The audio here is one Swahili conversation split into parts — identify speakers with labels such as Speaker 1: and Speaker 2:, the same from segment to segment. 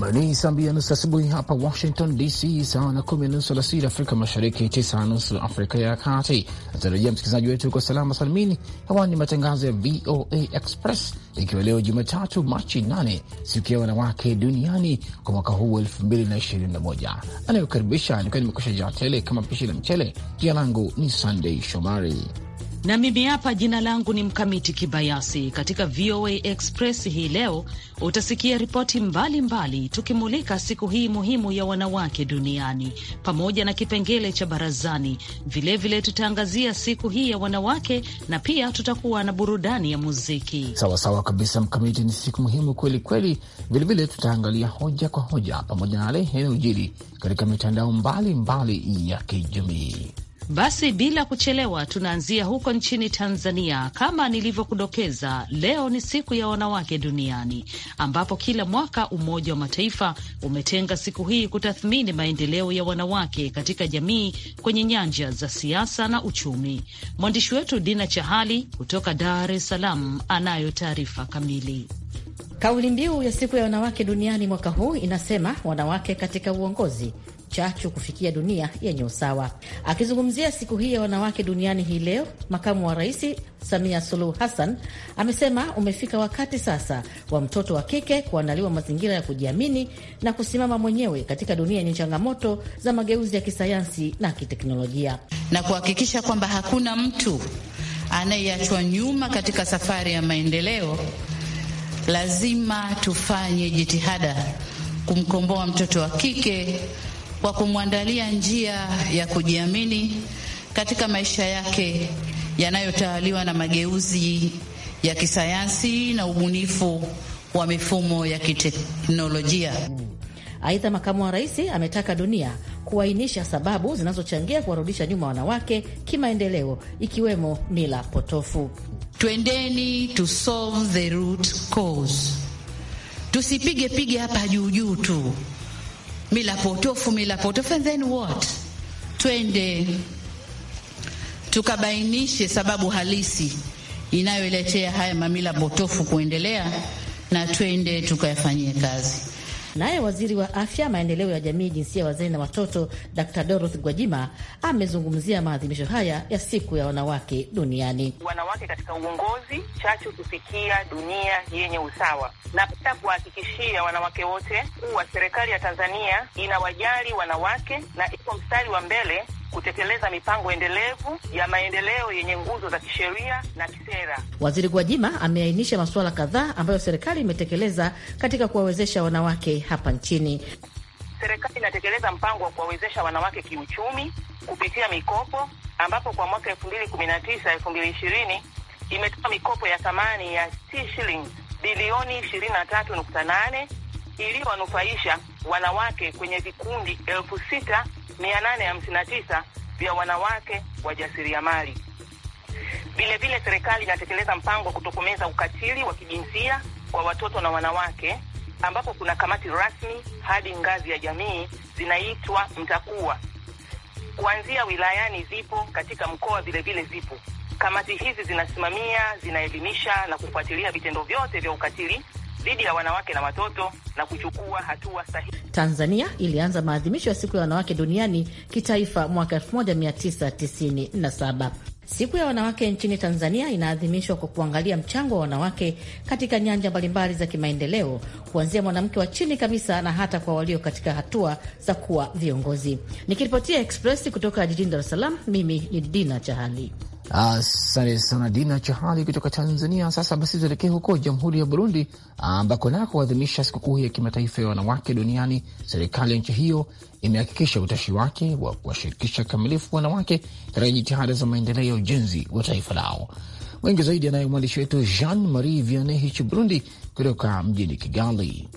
Speaker 1: Nam ni saa mbili na nusu asubuhi hapa Washington DC, sawa na kumi na nusu alasiri Afrika Mashariki, tisa na nusu Afrika ya Kati. Natarajia msikilizaji wetu uko salama salimini. Hewani matangazo ya VOA Express, ikiwa leo Jumatatu Machi 8 siku ya wanawake duniani kwa mwaka huu 221 Anayokaribisha nikiwa nimekusha jaa tele kama pishi la mchele. Jina langu ni sandei Shomari
Speaker 2: na mimi hapa jina langu ni Mkamiti Kibayasi. Katika VOA Express hii leo utasikia ripoti mbalimbali tukimulika siku hii muhimu ya wanawake duniani pamoja na kipengele cha barazani. Vilevile tutaangazia siku hii ya wanawake na pia tutakuwa na burudani ya muziki. Sawa
Speaker 1: sawa kabisa, Mkamiti, ni siku muhimu kweli kweli. Vilevile tutaangalia hoja kwa hoja pamoja na yale yanayojiri katika mitandao mbalimbali mbali ya kijamii.
Speaker 2: Basi bila kuchelewa, tunaanzia huko nchini Tanzania. Kama nilivyokudokeza, leo ni siku ya wanawake duniani, ambapo kila mwaka Umoja wa Mataifa umetenga siku hii kutathmini maendeleo ya wanawake katika jamii kwenye nyanja za siasa na uchumi. Mwandishi wetu Dina Chahali kutoka Dar es Salaam anayo taarifa kamili.
Speaker 3: Kauli mbiu ya siku ya wanawake duniani mwaka huu inasema wanawake katika uongozi chachu kufikia dunia yenye usawa. Akizungumzia siku hii ya wanawake duniani hii leo, makamu wa rais Samia Suluhu Hassan amesema umefika wakati sasa wa mtoto wa kike kuandaliwa mazingira ya kujiamini na kusimama mwenyewe katika dunia yenye changamoto za mageuzi ya kisayansi na kiteknolojia, na kuhakikisha kwamba hakuna mtu anayeachwa nyuma katika safari ya maendeleo. Lazima tufanye jitihada kumkomboa mtoto wa kike kwa kumwandalia njia ya kujiamini katika maisha yake yanayotawaliwa na mageuzi ya kisayansi na ubunifu wa mifumo ya kiteknolojia. Aidha, makamu wa rais ametaka dunia kuainisha sababu zinazochangia kuwarudisha nyuma wanawake kimaendeleo, ikiwemo mila potofu. Twendeni to solve the root cause, tusipige pige hapa juujuu tu mila potofu, mila potofu, and then what? Twende tukabainishe sababu halisi inayoletea haya mamila potofu kuendelea, na twende tukayafanyie kazi. Naye waziri wa afya, maendeleo ya jamii, jinsia ya wazee na watoto, Dr Dorothy Gwajima amezungumzia maadhimisho haya ya siku ya wanawake duniani.
Speaker 4: Wanawake katika uongozi, chachu kufikia dunia yenye usawa. Napenda kuwahakikishia wanawake wote kuwa serikali ya Tanzania inawajali wanawake na iko mstari wa mbele kutekeleza mipango endelevu ya maendeleo yenye nguzo za kisheria na kisera.
Speaker 3: Waziri Gwajima ameainisha masuala kadhaa ambayo serikali imetekeleza katika kuwawezesha wanawake hapa nchini.
Speaker 4: Serikali inatekeleza mpango wa kuwawezesha wanawake kiuchumi kupitia mikopo ambapo kwa mwaka elfu mbili kumi na tisa elfu mbili ishirini imetoa mikopo ya thamani ya shilingi bilioni ishirini na tatu nukta nane iliyowanufaisha wanawake kwenye vikundi elfu sita mia nane hamsini na tisa vya wanawake wajasiriamali. Vilevile, serikali inatekeleza mpango wa kutokomeza ukatili wa kijinsia kwa watoto na wanawake, ambapo kuna kamati rasmi hadi ngazi ya jamii zinaitwa mtakuwa, kuanzia wilayani zipo, katika mkoa vilevile zipo. Kamati hizi zinasimamia, zinaelimisha na kufuatilia vitendo vyote vya ukatili dhidi ya wanawake na watoto na kuchukua hatua sahihi.
Speaker 3: Tanzania ilianza maadhimisho ya siku ya wanawake duniani kitaifa mwaka 1997. Siku ya wanawake nchini Tanzania inaadhimishwa kwa kuangalia mchango wa wanawake katika nyanja mbalimbali za kimaendeleo, kuanzia mwanamke wa chini kabisa na hata kwa walio katika hatua za kuwa viongozi. Nikiripotia Express kutoka jijini Dar es Salaam, mimi ni Dina Chahali.
Speaker 1: Asante sana Dina Chahali kutoka Tanzania. Sasa basi tuelekee huko Jamhuri ya Burundi ambako nako huadhimisha sikukuu ya kimataifa ya wanawake duniani, serikali ya nchi hiyo imehakikisha utashi wake wa kuwashirikisha kikamilifu wanawake katika jitihada za maendeleo ya ujenzi wa taifa lao. Wengi zaidi anayo mwandishi wetu Jean Marie Vianney Hichi Burundi kutoka mjini Kigali.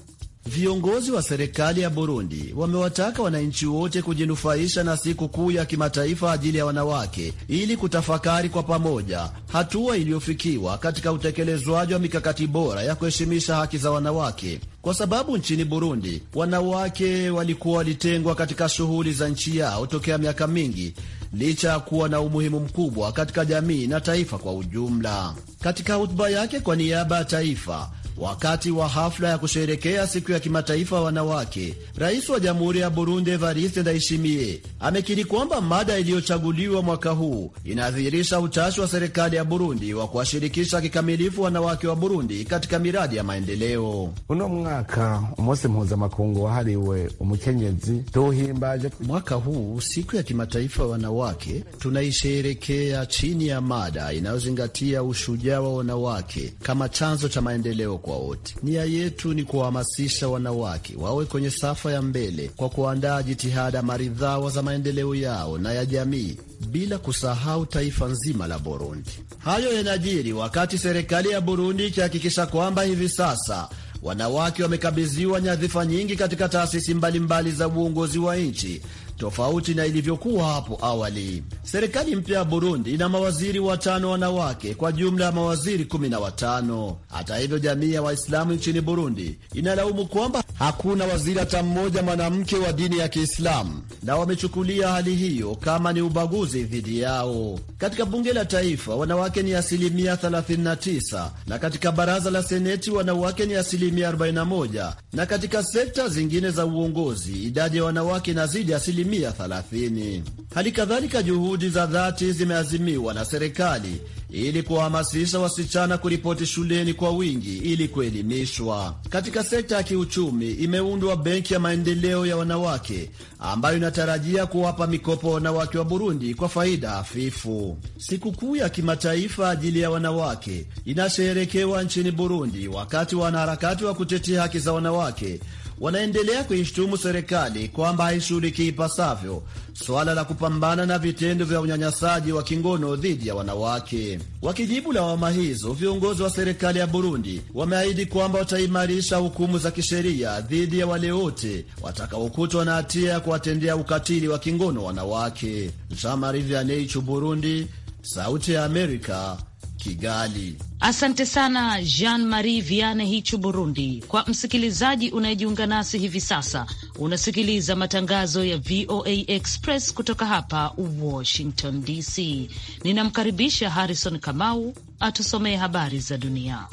Speaker 5: Viongozi wa serikali ya Burundi wamewataka wananchi wote kujinufaisha na siku kuu ya kimataifa ajili ya wanawake ili kutafakari kwa pamoja hatua iliyofikiwa katika utekelezwaji wa mikakati bora ya kuheshimisha haki za wanawake, kwa sababu nchini Burundi wanawake walikuwa walitengwa katika shughuli za nchi yao tokea miaka mingi licha ya kuwa na umuhimu mkubwa katika jamii na taifa kwa ujumla. Katika hotuba yake kwa niaba ya taifa Wakati wa hafla ya kusherekea siku ya kimataifa ya wanawake, rais wa jamhuri ya Burundi Evariste Ndayishimiye amekiri kwamba mada iliyochaguliwa mwaka huu inadhihirisha utashi wa serikali ya Burundi wa kuwashirikisha kikamilifu wanawake wa Burundi katika miradi ya maendeleo. Uno mwaka umunsi mpuzamakungu wahariwe umukenyezi tuhimbaje. Mwaka huu siku ya kimataifa ya wanawake tunaisherekea chini ya mada inayozingatia ushujaa wa wanawake kama chanzo cha maendeleo kwa wote. Nia yetu ni kuwahamasisha wanawake wawe kwenye safa ya mbele kwa kuandaa jitihada maridhawa za maendeleo yao na ya jamii bila kusahau taifa nzima la Burundi. Hayo yanajiri wakati serikali ya Burundi ikihakikisha kwamba hivi sasa wanawake wamekabidhiwa nyadhifa nyingi katika taasisi mbalimbali za uongozi wa nchi tofauti na ilivyokuwa hapo awali. Serikali mpya ya Burundi ina mawaziri watano wanawake, kwa jumla ya mawaziri kumi na watano. Hata hivyo, jamii ya Waislamu nchini Burundi inalaumu kwamba hakuna waziri hata mmoja mwanamke wa dini ya Kiislamu, na wamechukulia hali hiyo kama ni ubaguzi dhidi yao. Katika bunge la taifa wanawake ni asilimia 39, na katika baraza la seneti wanawake ni asilimia 41, na katika sekta zingine za uongozi idadi ya wanawake inazidi asilimia asilimia 30. Hali kadhalika juhudi za dhati zimeazimiwa na serikali ili kuwahamasisha wasichana kuripoti shuleni kwa wingi ili kuelimishwa. Katika sekta ya kiuchumi, imeundwa benki ya maendeleo ya wanawake ambayo inatarajia kuwapa mikopo wanawake wa Burundi kwa faida hafifu. Sikukuu ya kimataifa ajili ya wanawake inasherekewa nchini Burundi wakati wanaharakati wa kutetea haki za wanawake wanaendelea kuishtumu serikali kwamba haishughulikii ipasavyo swala la kupambana na vitendo vya unyanyasaji wa kingono dhidi ya wanawake. Wakijibu lawama hizo, viongozi wa serikali ya Burundi wameahidi kwamba wataimarisha hukumu za kisheria dhidi ya wale wote watakaokutwa na hatia ya kuwatendea ukatili wa kingono wanawake. Jean Marie Vianney, Burundi, Sauti ya Amerika, Kigali.
Speaker 2: Asante sana Jean Marie Viane hichu Burundi. Kwa msikilizaji unayejiunga nasi hivi sasa, unasikiliza matangazo ya VOA Express kutoka hapa Washington DC. Ninamkaribisha Harrison Kamau atusomee habari za dunia.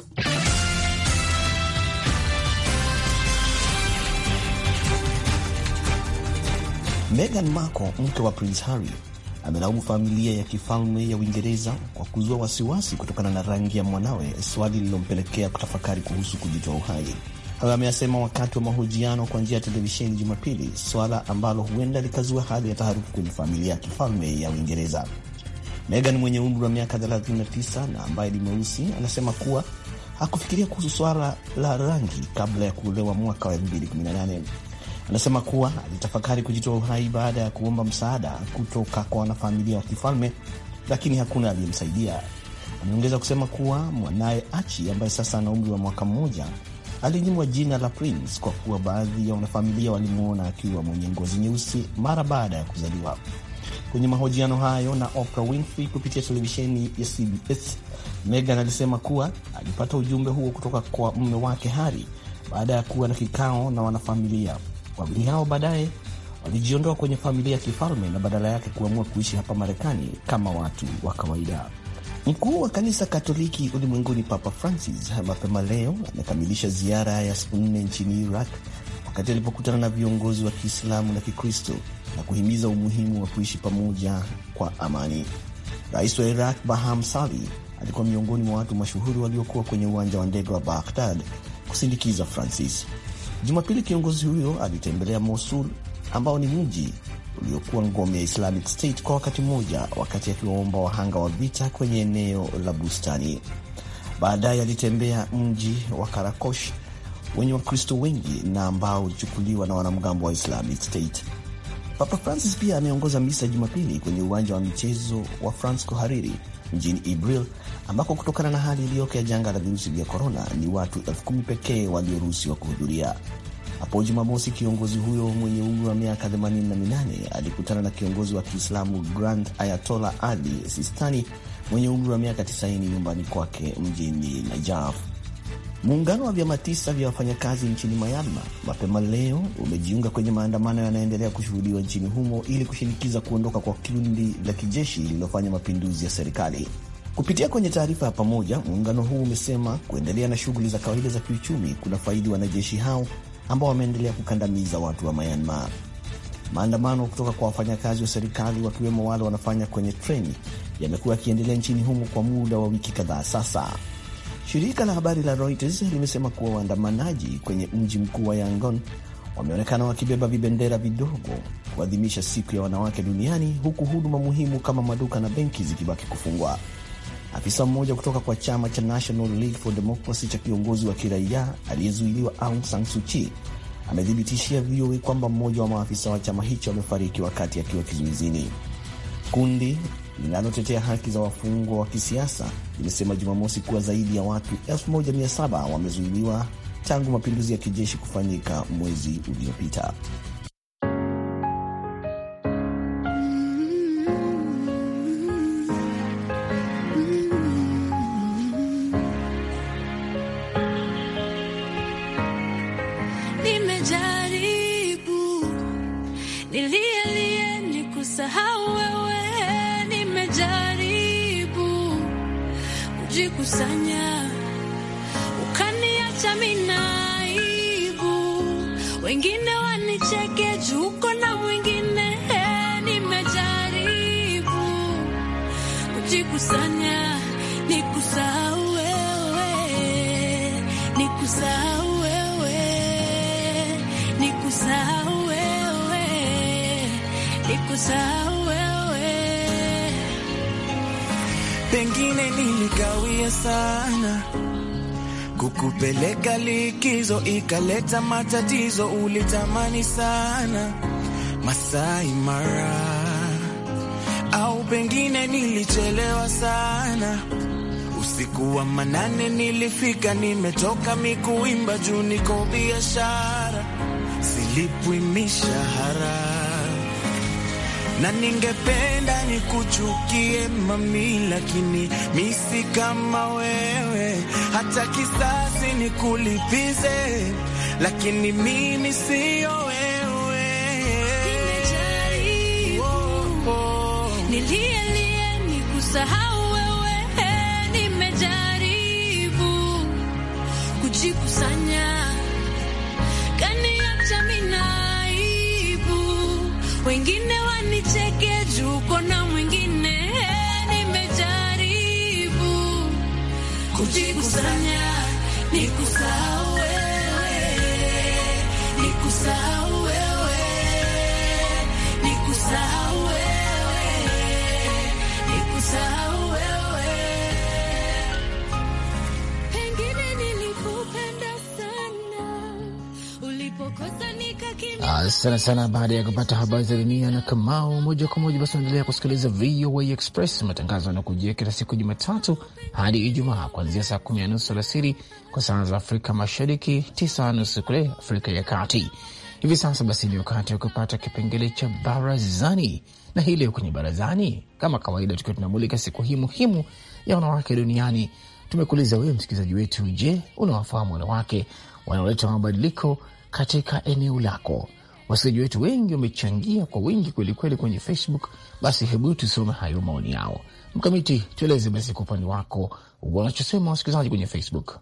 Speaker 6: Meghan Markle mke wa Prince Harry amelaumu familia ya kifalme ya Uingereza kwa kuzua wasiwasi kutokana na rangi ya mwanawe, swali lililompelekea kutafakari kuhusu kujitoa uhai. Hayo ameyasema wakati wa mahojiano kwa njia ya televisheni Jumapili, swala ambalo huenda likazua hali ya taharuki kwenye familia ya kifalme ya Uingereza. Megan mwenye umri wa miaka 39 na ambaye ni mweusi anasema kuwa hakufikiria kuhusu swala la rangi kabla ya kuolewa mwaka wa 2018. Anasema kuwa alitafakari kujitoa uhai baada ya kuomba msaada kutoka kwa wanafamilia wa kifalme, lakini hakuna aliyemsaidia. Ameongeza kusema kuwa mwanaye Achi ambaye sasa ana umri wa mwaka mmoja alinyimwa jina la Prince kwa kuwa baadhi ya wanafamilia walimwona akiwa mwenye ngozi nyeusi mara baada ya kuzaliwa. Kwenye mahojiano hayo na Oprah Winfrey kupitia televisheni ya CBS, Megan alisema kuwa alipata ujumbe huo kutoka kwa mume wake Harry baada ya kuwa na kikao na wanafamilia Wawili hao baadaye walijiondoa kwenye familia ya kifalme na badala yake kuamua kuishi hapa Marekani kama watu wa kawaida. Mkuu wa kanisa Katoliki ulimwenguni Papa Francis mapema leo amekamilisha ziara ya siku nne nchini Iraq wakati alipokutana na viongozi wa Kiislamu na Kikristo na kuhimiza umuhimu wa kuishi pamoja kwa amani. Rais wa Iraq baham Sali alikuwa miongoni mwa watu mashuhuri waliokuwa kwenye uwanja wa ndege wa Baghdad kusindikiza Francis. Jumapili kiongozi huyo alitembelea Mosul ambao ni mji uliokuwa ngome ya Islamic State kwa wakati mmoja, wakati akiwaomba wahanga wa vita kwenye eneo la bustani. Baadaye alitembea mji wa Karakosh wenye Wakristo wengi na ambao ulichukuliwa na wanamgambo wa Islamic State. Papa Francis pia ameongoza misa Jumapili kwenye uwanja wa michezo wa Francisco Hariri mjini Ibril ambako kutokana na hali iliyoko ya janga la virusi vya korona ni watu elfu kumi pekee walioruhusiwa kuhudhuria. Hapo Jumamosi, kiongozi huyo mwenye umri wa miaka 88 alikutana na kiongozi wa Kiislamu Grand Ayatola Ali Sistani mwenye umri wa miaka 90 nyumbani kwake mjini Najaf. Muungano wa vyama tisa vya wafanyakazi nchini Myanmar mapema leo umejiunga kwenye maandamano yanayoendelea kushuhudiwa nchini humo ili kushinikiza kuondoka kwa kundi la kijeshi lililofanya mapinduzi ya serikali. Kupitia kwenye taarifa ya pamoja, muungano huu umesema kuendelea na shughuli za kawaida za kiuchumi kuna faidi wanajeshi hao ambao wameendelea kukandamiza watu wa Myanmar. Maandamano kutoka kwa wafanyakazi wa serikali wakiwemo wale wanafanya kwenye treni yamekuwa yakiendelea nchini humo kwa muda wa wiki kadhaa sasa. Shirika la habari la Reuters limesema kuwa waandamanaji kwenye mji mkuu wa Yangon wameonekana wakibeba vibendera vidogo kuadhimisha siku ya wanawake duniani, huku huduma muhimu kama maduka na benki zikibaki kufungwa. Afisa mmoja kutoka kwa chama cha National League for Democracy cha kiongozi wa kiraia aliyezuiliwa Aung San Suu Kyi amethibitishia VOA kwamba mmoja wa maafisa wa chama hicho amefariki wakati akiwa kizuizini. Kundi linalotetea haki za wafungwa wa kisiasa ilisema Jumamosi kuwa zaidi ya watu 1700 wamezuiliwa tangu mapinduzi ya kijeshi kufanyika mwezi uliopita.
Speaker 2: Sanya.
Speaker 7: nikawia sana
Speaker 8: kukupeleka
Speaker 7: likizo, ikaleta matatizo. Ulitamani sana Masai Mara, au pengine nilichelewa sana. Usiku wa manane nilifika, nimetoka mikuimba juu, niko biashara, silipwi mishahara na ningependa nikuchukie mami, lakini misi kama wewe, hata kisasi nikulipize, lakini mimi siyo
Speaker 2: wewe. Nimejaribu, oh, oh. Nilielie nikusahau wengine wanicheke juu kona mwingine. Nimejaribu kujikusanya nikusahau wewe, nikusahau
Speaker 1: sana sana baada ya kupata habari za dunia na Kamao moja kwa moja. Basi unaendelea kusikiliza VOA Express, matangazo yanakujia kila siku Jumatatu hadi Ijumaa kuanzia saa kumi na nusu alasiri kwa saa za Afrika Mashariki, tisa na nusu kule Afrika ya Kati. Hivi sasa basi ni wakati wa kupata kipengele cha barazani, na hii leo kwenye barazani, kama kawaida, tukiwa tunamulika siku hii muhimu ya wanawake duniani, tumekuuliza wewe msikilizaji wetu, je, unawafahamu wanawake wanaoleta mabadiliko katika eneo lako? wasikilizaji wetu wengi wamechangia kwa wingi kwelikweli kwenye Facebook. Basi hebu tusome hayo maoni yao. Mkamiti, tueleze basi kwa upande wako wanachosema wasikilizaji kwenye Facebook.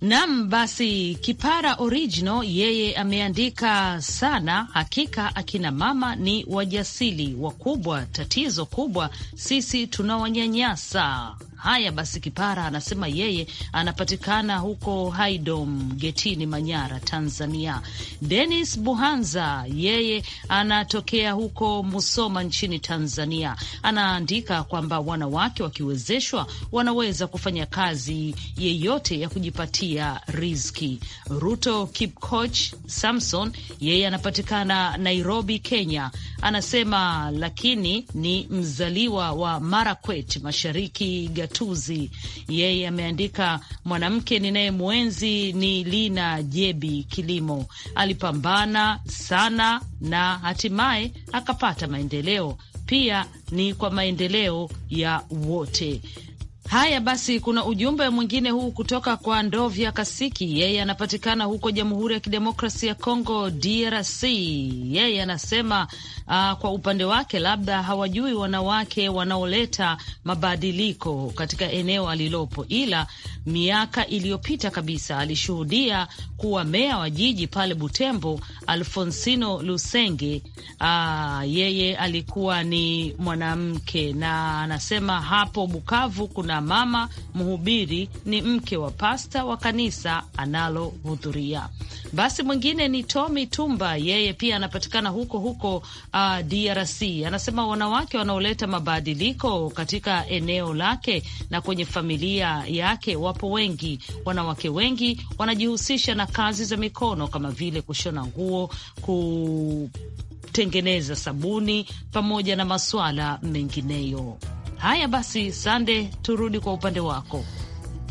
Speaker 2: Nam, basi Kipara Original yeye ameandika sana. Hakika akina mama ni wajasili wakubwa, tatizo kubwa sisi tunawanyanyasa Haya basi, Kipara anasema yeye anapatikana huko Haidom Getini, Manyara, Tanzania. Denis Buhanza yeye anatokea huko Musoma nchini Tanzania, anaandika kwamba wanawake wakiwezeshwa wanaweza kufanya kazi yeyote ya kujipatia riziki. Ruto Kipkoch Samson yeye anapatikana Nairobi, Kenya, anasema lakini ni mzaliwa wa Marakwet Mashariki Gat Matuzi. Yeye ameandika mwanamke ninaye mwenzi ni Lina Jebi Kilimo, alipambana sana na hatimaye akapata maendeleo. Pia ni kwa maendeleo ya wote. Haya basi, kuna ujumbe mwingine huu kutoka kwa Ndovya Kasiki, yeye anapatikana huko Jamhuri ya Kidemokrasi ya congo DRC. Yeye anasema uh, kwa upande wake labda hawajui wanawake wanaoleta mabadiliko katika eneo alilopo, ila miaka iliyopita kabisa alishuhudia kuwa meya wa jiji pale Butembo, Alfonsino Lusenge, uh, yeye alikuwa ni mwanamke, na anasema hapo Bukavu kuna na mama mhubiri ni mke wa pasta wa kanisa analohudhuria. Basi mwingine ni Tommy Tumba, yeye pia anapatikana huko huko uh, DRC. Anasema wanawake wanaoleta mabadiliko katika eneo lake na kwenye familia yake wapo wengi. Wanawake wengi wanajihusisha na kazi za mikono kama vile kushona nguo ku tengeneza sabuni pamoja na masuala mengineyo. Haya basi, Sande, turudi kwa upande wako.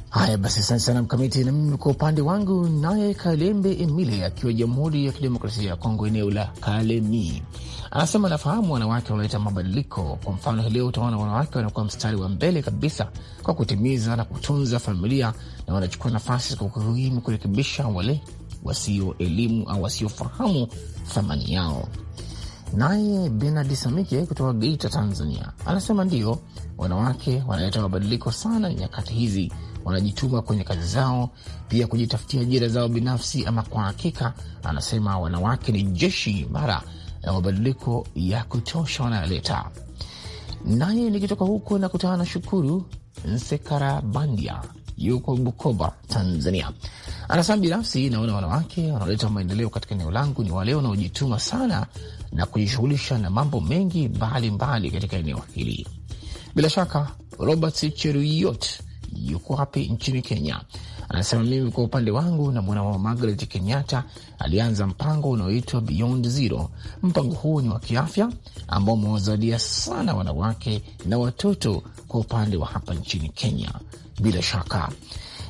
Speaker 1: Haya basi, asante sana Mkamiti. Na mimi kwa upande wangu, naye Kalembe Emile akiwa Jamhuri ya Kidemokrasia ya Kongo, eneo la Kalemi, anasema anafahamu wanawake wanaleta mabadiliko. Kwa mfano, hileo leo utaona wanawake wanakuwa mstari wa mbele kabisa kwa kutimiza na kutunza familia, na wanachukua nafasi kwa kuhimu kurekebisha wale wasioelimu au wasiofahamu thamani yao. Naye Benard Samike kutoka Geita, Tanzania, anasema ndiyo, wanawake wanaleta mabadiliko sana nyakati hizi, wanajituma kwenye kazi zao, pia kujitafutia ajira zao binafsi. Ama kwa hakika, anasema wanawake ni jeshi imara na mabadiliko ya kutosha wanayoleta. Naye nikitoka huko nakutana na Shukuru Nsekarabandia yuko Bukoba, Tanzania. Anasema binafsi, naona wanawake wanaoleta maendeleo katika eneo langu ni wale wanaojituma sana na kujishughulisha na mambo mengi mbalimbali katika eneo hili. Bila shaka Robert Cheruiyot yuko wapi nchini Kenya, anasema mimi kwa upande wangu na mwana wa Margaret Kenyatta alianza mpango unaoitwa Beyond Zero. Mpango huu ni wa kiafya ambao umewazadia sana wanawake na watoto kwa upande wa hapa nchini Kenya bila shaka.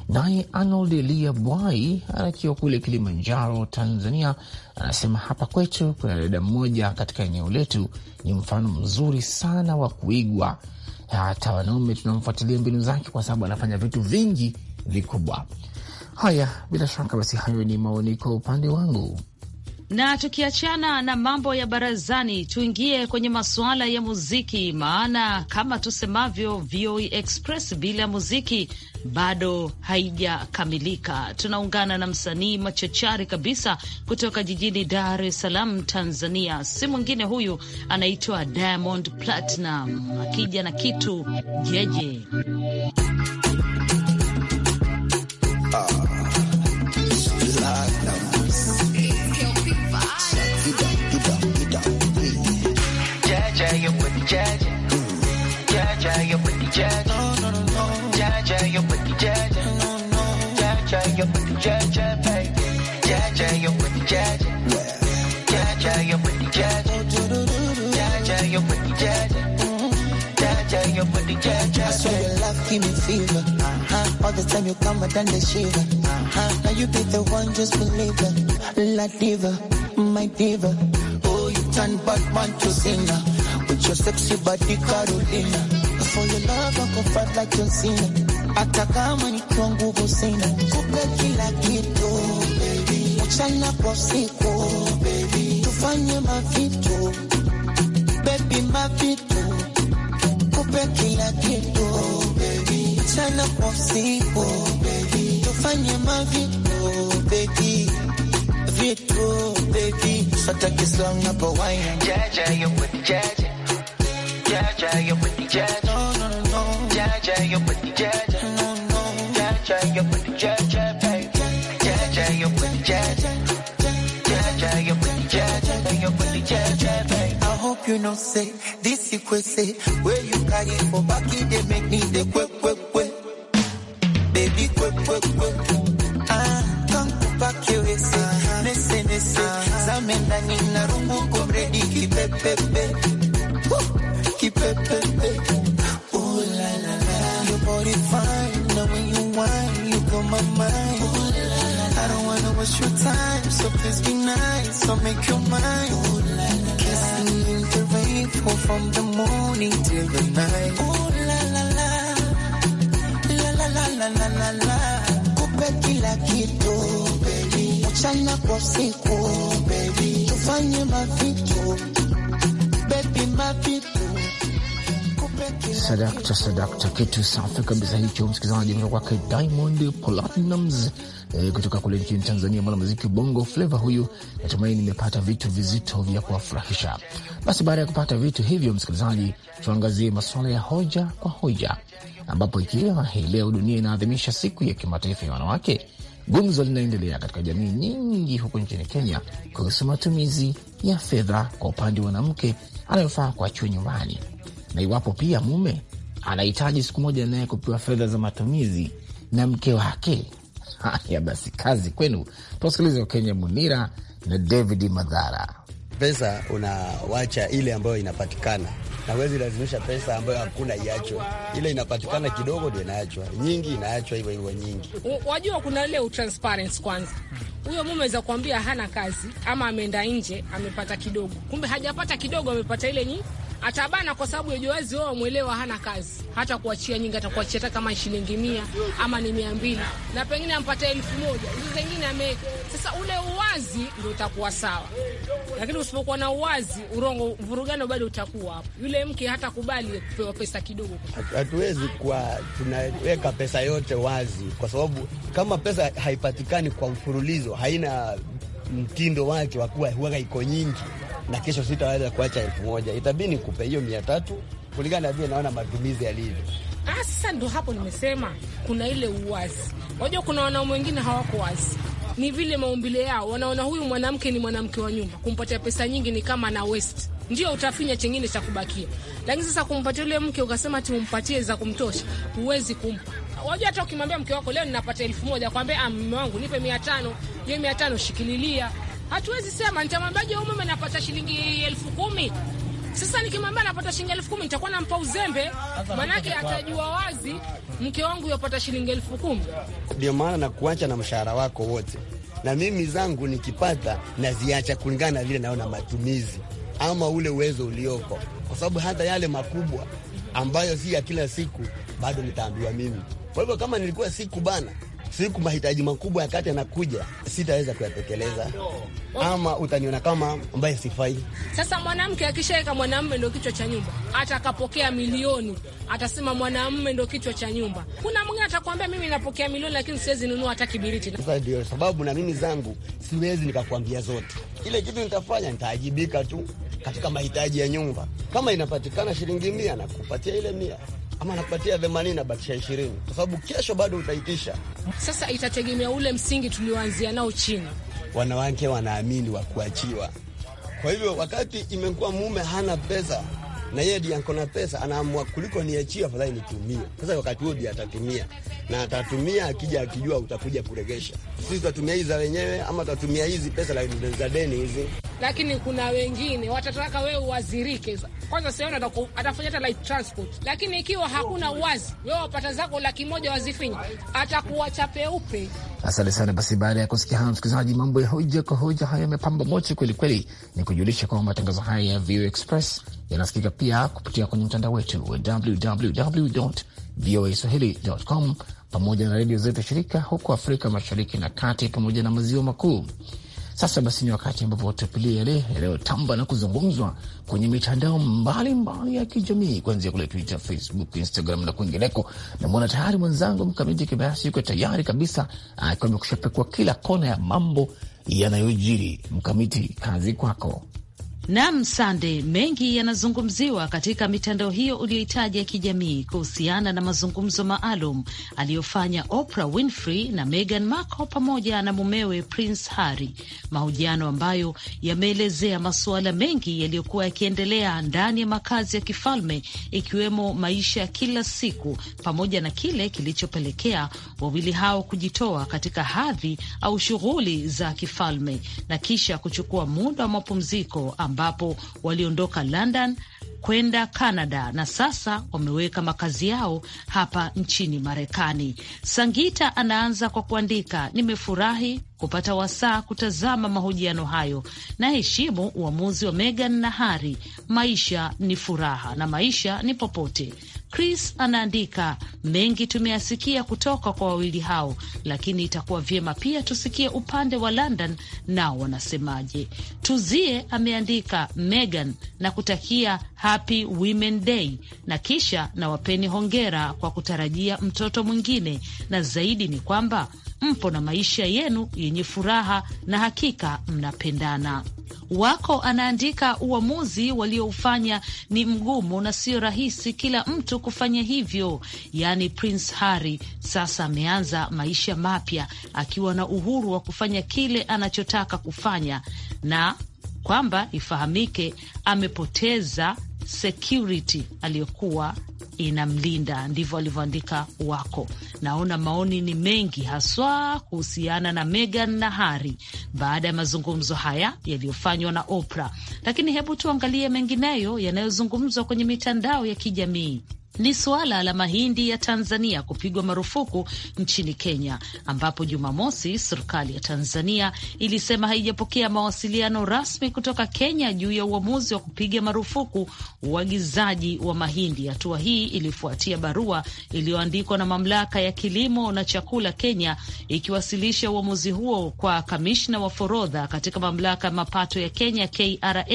Speaker 1: Naye Arnold Elia Bwai anakiwa kule Kilimanjaro, Tanzania, anasema hapa kwetu kuna dada mmoja katika eneo letu ni mfano mzuri sana wa kuigwa. Hata wanaume tunamfuatilia mbinu zake, kwa sababu anafanya vitu vingi vikubwa. Haya, bila shaka basi, hayo ni maoni kwa upande wangu.
Speaker 2: Na tukiachana na mambo ya barazani, tuingie kwenye masuala ya muziki, maana kama tusemavyo, VOA e Express bila muziki bado haijakamilika. Tunaungana na msanii machachari kabisa kutoka jijini Dar es Salaam, Tanzania. Si mwingine huyu, anaitwa Diamond Platinum, akija na kitu jeje
Speaker 7: jaja, jaja, your booty jaja, jaja, your booty jaja. Jaja, your booty jaja. I swear your love give me fever. All the time you come, and done the shiver. Now you be the one, just believe it. diva, my diva. Oh, you turn bad man to sinner. With your sexy body, Carolina. For your love, I go fight like John Cena. Hata kama nikiwa nguvu sina, kupe kila kitu mchana kwa usiku tufanye mavitu bebi, mavitu kupe kila kitu mchana kwa usiku tufanye mavitu bebi vitu bebi sata kislang na pawain jaja yo kuti jaja jaja yo kuti jaja no no no jaja yo kuti jaja no no jaja yo kuti jaja I hope you know say this you could say where you carry for back in they make me the quick quick quick baby quick quick quick ah come back you is nese nese zame ndani na rungu komredi kipepepe kipepepe oh la la la your body fine now when you wine you blow my mind Wash your time, so please be nice, so make your mind. Kissing in the rainfall from the morning till the night. Ooh, la la la, la la la la la la la. Kupe kila kitu, baby. Mchana kwa siku, baby. Tufanye mavitu, baby mavitu
Speaker 1: Sadakta, sadakta, kitu safi kabisa hicho, msikilizaji, kutoka kwake Diamond Platnumz e, kutoka kule nchini Tanzania, mwanamuziki bongo fleva huyu. Natumaini nimepata vitu vizito oh, vya kuwafurahisha. Basi baada ya kupata vitu hivyo, msikilizaji, tuangazie masuala ya hoja kwa hoja, ambapo ikiwa hii leo dunia inaadhimisha siku ya kimataifa ya wanawake, gumzo linaendelea katika jamii nyingi huko nchini Kenya kuhusu matumizi ya fedha kwa upande wa mwanamke anayofaa kuachiwa nyumbani na iwapo pia mume anahitaji siku moja naye kupewa fedha za matumizi na mke wake. Haya basi, kazi kwenu. Tuwasikilize Wakenya Munira na David
Speaker 8: Madhara. Pesa unawacha ile ambayo inapatikana na wezi lazimisha pesa ambayo hakuna iachwe. Ile inapatikana kidogo ndio inaachwa, nyingi inaachwa hivyo hivyo nyingi.
Speaker 9: Wajua kuna ile utransparency kwanza. Huyo mume aweza kuambia hana kazi ama ameenda nje amepata kidogo, kumbe hajapata kidogo, amepata ile nyingi atabana kwa sababu yojowazi wao wamwelewa, hana kazi, hata kuachia nyingi, atakuachia hata kama shilingi mia ama ni mia mbili, na pengine ampata elfu moja hizo zengine ameweka. Sasa ule uwazi ndio utakuwa sawa, lakini usipokuwa na uwazi, urongo, vurugano bado utakuwa hapo. Yule mke hata kubali kupewa pesa kidogo.
Speaker 8: Hatuwezi kuwa tunaweka pesa yote wazi, kwa sababu kama pesa haipatikani kwa mfululizo, haina mtindo wake wa kuwa huwaga iko nyingi na kesho sitaweza kuacha elfu moja, itabidi nikupe hiyo mia tatu kulingana na vile naona matumizi yalivyo.
Speaker 9: Hasa ndo hapo nimesema kuna ile uwazi. Wajua, kuna wanaume wengine hawako wazi, ni vile maumbile yao, wanaona huyu mwanamke ni mwanamke wa nyumba, kumpatia pesa nyingi ni kama na west ndio utafinya chengine cha kubakia. Lakini sasa kumpatia yule mke ukasema ati umpatie za kumtosha, huwezi kumpa. Wajua, hata ukimwambia mke wako leo ninapata elfu moja, kwambia ah, mume wangu nipe mia tano, hiyo mia tano shikililia hatuwezi sema. Nitamwambiaje huyu mama anapata shilingi elfu kumi? Sasa nikimwambia anapata shilingi elfu kumi nitakuwa nampa uzembe, maanake atajua wazi mke wangu yapata shilingi elfu kumi.
Speaker 8: Ndio maana nakuacha na mshahara wako wote, na mimi zangu nikipata naziacha kulingana na vile naona matumizi ama ule uwezo ulioko, kwa sababu hata yale makubwa ambayo si ya kila siku bado nitaambiwa mimi. Kwa hivyo kama nilikuwa siku bana siku mahitaji makubwa ya kati yanakuja, sitaweza kuyatekeleza ama utaniona kama ambaye sifai.
Speaker 9: Sasa mwanamke akishaweka mwanamume ndo kichwa cha nyumba, atakapokea milioni atasema mwanamume ndo kichwa cha nyumba. Kuna mwingine atakwambia mimi napokea milioni, lakini siwezi nunua hata kibiriti. Sasa
Speaker 8: ndio sababu na mimi zangu siwezi nikakwambia zote. Kile kitu nitafanya, nitaajibika tu katika mahitaji ya nyumba. Kama inapatikana shilingi mia, nakupatia ile mia ama nakupatia 80 nabakisha 20, kwa sababu kesho bado utaitisha.
Speaker 9: Sasa itategemea ule msingi tulioanzia nao chini.
Speaker 8: Wanawake wanaamini wa kuachiwa, kwa hivyo wakati imekuwa mume hana pesa na yeye ndiye akona pesa, anaamua kuliko niachie, afadhali nitumie. Sasa wakati huo ndiye atatumia na atatumia, akija akijua utakuja kuregesha. Sisi tutatumia hizi za wenyewe, ama tutatumia hizi pesa za deni hizi.
Speaker 9: Lakini kuna wengine watataka wewe uwazirike kwanza, siona atafanya hata life transport, lakini ikiwa hakuna uwazi, wewe wapata zako laki moja wazifinyi, atakuacha peupe.
Speaker 1: Asante sana. Basi baada ya kusikia haya, msikilizaji, mambo ya hoja kwa hoja haya yamepamba moto kwelikweli, ni kujulisha kwamba matangazo haya ya VOA Express yanasikika pia kupitia kwenye mtandao wetu wa www voa swahilicom, pamoja na redio zetu shirika huko Afrika Mashariki na Kati pamoja na maziwa makuu. Sasa basi, ni wakati ambapo watupilia yale yanayotamba na kuzungumzwa kwenye mitandao mbalimbali ya kijamii, kuanzia kule Twitter, Facebook, Instagram na kwingineko. Namwona tayari mwenzangu Mkamiti Kibayasi yuko tayari kabisa, akiwa ah, amekushapekua kila kona ya mambo yanayojiri. Mkamiti, kazi kwako.
Speaker 2: Nam Sande, mengi yanazungumziwa katika mitandao hiyo uliyohitaji ya kijamii kuhusiana na mazungumzo maalum aliyofanya Oprah Winfrey na Meghan Markle pamoja na mumewe Prince Harry, mahojiano ambayo yameelezea masuala mengi yaliyokuwa yakiendelea ndani ya makazi ya kifalme, ikiwemo maisha ya kila siku pamoja na kile kilichopelekea wawili hao kujitoa katika hadhi au shughuli za kifalme na kisha kuchukua muda wa mapumziko ambapo waliondoka London kwenda Canada na sasa wameweka makazi yao hapa nchini Marekani. Sangita anaanza kwa kuandika, nimefurahi kupata wasaa kutazama mahojiano hayo. Naheshimu uamuzi wa Megan na Hari. Maisha ni furaha na maisha ni popote. Chris anaandika mengi tumeyasikia kutoka kwa wawili hao, lakini itakuwa vyema pia tusikie upande wa London nao wanasemaje. Tuzie ameandika Megan na kutakia happy women day, na kisha na wapeni hongera kwa kutarajia mtoto mwingine, na zaidi ni kwamba mpo na maisha yenu yenye furaha na hakika mnapendana. Wako anaandika uamuzi walioufanya ni mgumu na sio rahisi kila mtu kufanya hivyo. Yaani Prince Harry sasa ameanza maisha mapya akiwa na uhuru wa kufanya kile anachotaka kufanya na kwamba ifahamike amepoteza security aliyokuwa inamlinda. Ndivyo alivyoandika Wako. Naona maoni ni mengi, haswa kuhusiana na Megan na Hari baada ya mazungumzo haya yaliyofanywa na Oprah, lakini hebu tuangalie mengineyo yanayozungumzwa kwenye mitandao ya kijamii ni suala la mahindi ya Tanzania kupigwa marufuku nchini Kenya, ambapo Jumamosi serikali ya Tanzania ilisema haijapokea mawasiliano rasmi kutoka Kenya juu ya uamuzi wa kupiga marufuku uagizaji wa mahindi. Hatua hii ilifuatia barua iliyoandikwa na mamlaka ya kilimo na chakula Kenya ikiwasilisha uamuzi huo kwa kamishna wa forodha katika mamlaka ya mapato ya Kenya, KRA,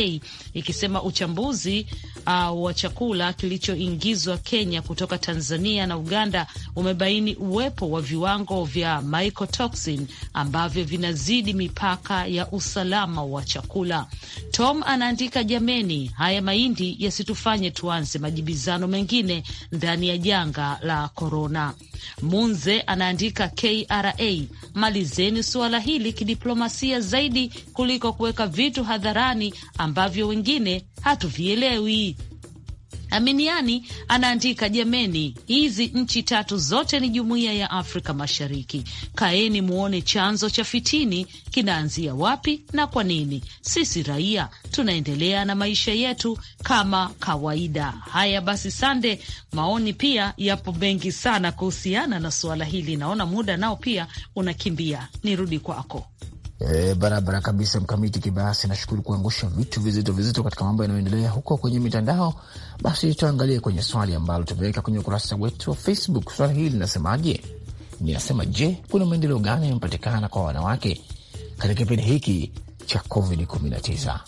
Speaker 2: ikisema uchambuzi uh, wa chakula kilichoingizwa Kenya kutoka Tanzania na Uganda umebaini uwepo wa viwango vya mycotoxin ambavyo vinazidi mipaka ya usalama wa chakula. Tom anaandika, jameni, haya mahindi yasitufanye tuanze majibizano mengine ndani ya janga la korona. Munze anaandika, KRA malizeni suala hili kidiplomasia zaidi kuliko kuweka vitu hadharani ambavyo wengine hatuvielewi. Aminiani anaandika, jameni, hizi nchi tatu zote ni jumuiya ya Afrika Mashariki. Kaeni muone chanzo cha fitini kinaanzia wapi na kwa nini. Sisi raia tunaendelea na maisha yetu kama kawaida. Haya basi, sande. Maoni pia yapo mengi sana kuhusiana na suala hili. Naona muda nao pia unakimbia, nirudi kwako.
Speaker 1: E, barabara kabisa mkamiti kibayasi. Nashukuru kuangusha vitu vizito vizito katika mambo yanayoendelea huko kwenye mitandao. Basi tuangalie kwenye swali ambalo tumeweka kwenye ukurasa wetu wa Facebook. Swali hili linasemaje? Ninasema, je, kuna maendeleo gani yamepatikana kwa wanawake katika kipindi hiki cha COVID 19?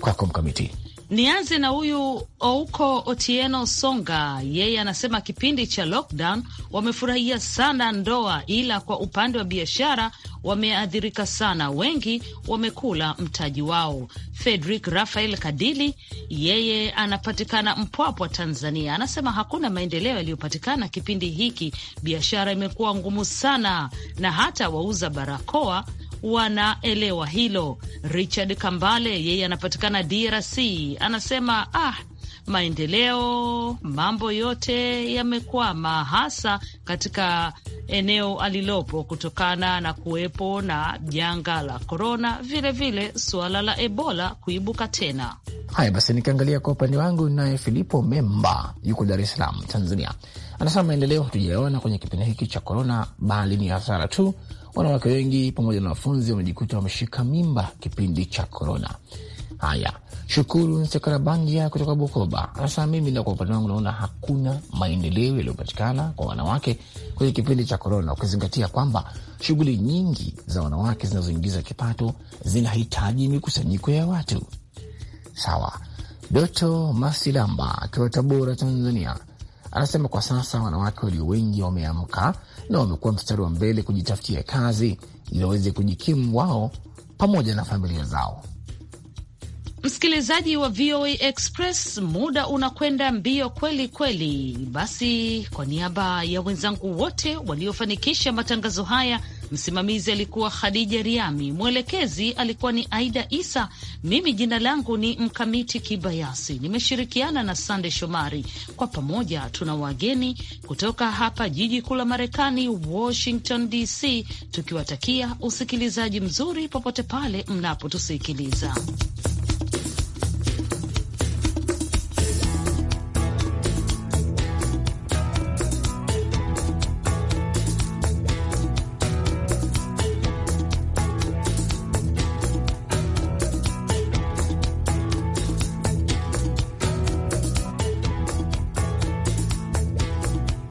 Speaker 1: Kwako
Speaker 2: mkamiti. Nianze na huyu Ouko Otieno Songa, yeye anasema kipindi cha lockdown wamefurahia sana ndoa, ila kwa upande wa biashara wameathirika sana, wengi wamekula mtaji wao. fedrik Rafael Kadili, yeye anapatikana Mpwapwa, Tanzania, anasema hakuna maendeleo yaliyopatikana kipindi hiki, biashara imekuwa ngumu sana, na hata wauza barakoa wanaelewa hilo. Richard Kambale yeye anapatikana DRC, anasema ah, maendeleo mambo yote yamekwama, hasa katika eneo alilopo kutokana na kuwepo na janga la korona, vilevile suala la Ebola kuibuka tena.
Speaker 1: Haya basi, nikiangalia kwa upande wangu, naye Filipo Memba yuko Dar es Salaam, Tanzania, anasema maendeleo hatujaona kwenye kipindi hiki cha korona, bali ni hasara tu wanawake wengi pamoja na wanafunzi wamejikuta wameshika mimba kipindi cha korona. Haya, Shukuru Nsekarabangia kutoka Bukoba anasema mimi na kwa upande wangu naona hakuna maendeleo yaliyopatikana kwa wanawake kwenye kipindi cha korona, ukizingatia kwamba shughuli nyingi za wanawake zinazoingiza kipato zinahitaji mikusanyiko ya watu. Sawa. Doto Masilamba akiwa Tabora, Tanzania, anasema kwa sasa wanawake walio wengi wameamka na wamekuwa mstari wa mbele kujitafutia kazi ili waweze kujikimu wao pamoja na familia zao.
Speaker 2: Msikilizaji wa VOA Express, muda unakwenda mbio kweli kweli. Basi, kwa niaba ya wenzangu wote waliofanikisha matangazo haya, msimamizi alikuwa Khadija Riami, mwelekezi alikuwa ni Aida Isa, mimi jina langu ni Mkamiti Kibayasi, nimeshirikiana na Sande Shomari. Kwa pamoja tuna wageni kutoka hapa jiji kuu la Marekani, Washington DC, tukiwatakia usikilizaji mzuri popote pale mnapotusikiliza.